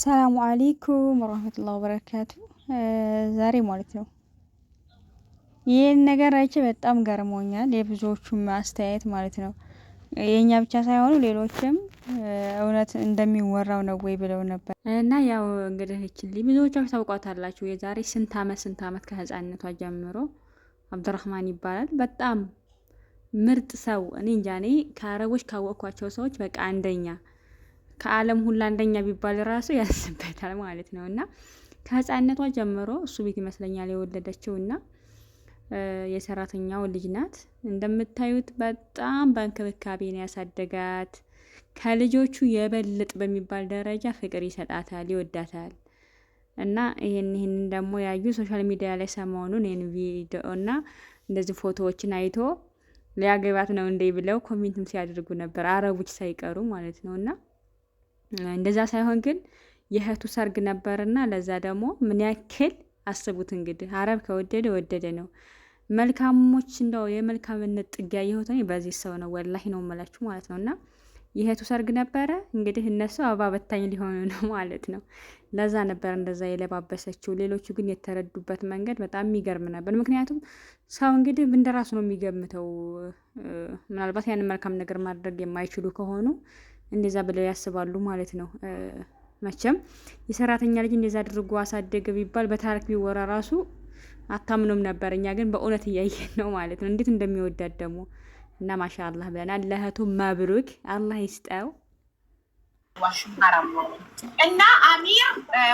ሰላሙ አሌይኩም ወረህመቱላ ወበረካቱ። ዛሬ ማለት ነው ይህን ነገር አይቼ በጣም ገርሞኛል። የብዙዎቹም አስተያየት ማለት ነው የእኛ ብቻ ሳይሆኑ ሌሎችም እውነት እንደሚወራው ነው ወይ ብለው ነበር። እና ያው እንግዲህ ይችል ብዙዎቻችሁ ታውቋታላችሁ። የዛሬ ስንት አመት ስንት አመት ከህፃንነቷ ጀምሮ አብዱራህማን ይባላል። በጣም ምርጥ ሰው እኔ እንጃ እኔ ከአረቦች ካወቅኳቸው ሰዎች በቃ አንደኛ ከዓለም ሁሉ አንደኛ ቢባል ራሱ ያስበታል ማለት ነው። እና ከህፃነቷ ጀምሮ እሱ ቤት ይመስለኛል የወለደችው እና የሰራተኛው ልጅ ናት። እንደምታዩት በጣም በእንክብካቤ ነው ያሳደጋት። ከልጆቹ የበልጥ በሚባል ደረጃ ፍቅር ይሰጣታል፣ ይወዳታል። እና ይህን ይህንን ደግሞ ያዩ ሶሻል ሚዲያ ላይ ሰሞኑን ይህን ቪዲዮ እና እንደዚህ ፎቶዎችን አይቶ ሊያገባት ነው እንዴ ብለው ኮሜንትም ሲያደርጉ ነበር፣ አረቦች ሳይቀሩ ማለት ነው እና እንደዛ ሳይሆን ግን የእህቱ ሰርግ ነበርና ለዛ ደግሞ ምን ያክል አስቡት እንግዲህ አረብ ከወደደ ወደደ ነው። መልካሞች እንደው የመልካምነት ጥጊያ የሆተ በዚህ ሰው ነው፣ ወላሂ ነው መላችሁ ማለት ነው። እና የእህቱ ሰርግ ነበረ እንግዲህ እነሱ አበባ በታኝ ሊሆኑ ነው ማለት ነው። ለዛ ነበር እንደዛ የለባበሰችው። ሌሎቹ ግን የተረዱበት መንገድ በጣም የሚገርም ነበር። ምክንያቱም ሰው እንግዲህ እንደራሱ ነው የሚገምተው። ምናልባት ያንን መልካም ነገር ማድረግ የማይችሉ ከሆኑ እንደዛ ብለው ያስባሉ ማለት ነው። መቼም የሰራተኛ ልጅ እንደዛ አድርጎ አሳደገ ቢባል በታሪክ ቢወራ ራሱ አታምኖም ነበር። እኛ ግን በእውነት እያየን ነው ማለት ነው፣ እንዴት እንደሚወዳት ደግሞ እና ማሻ አላህ ብለናል። ለእህቱ መብሩክ አላህ ይስጠው እና አሚር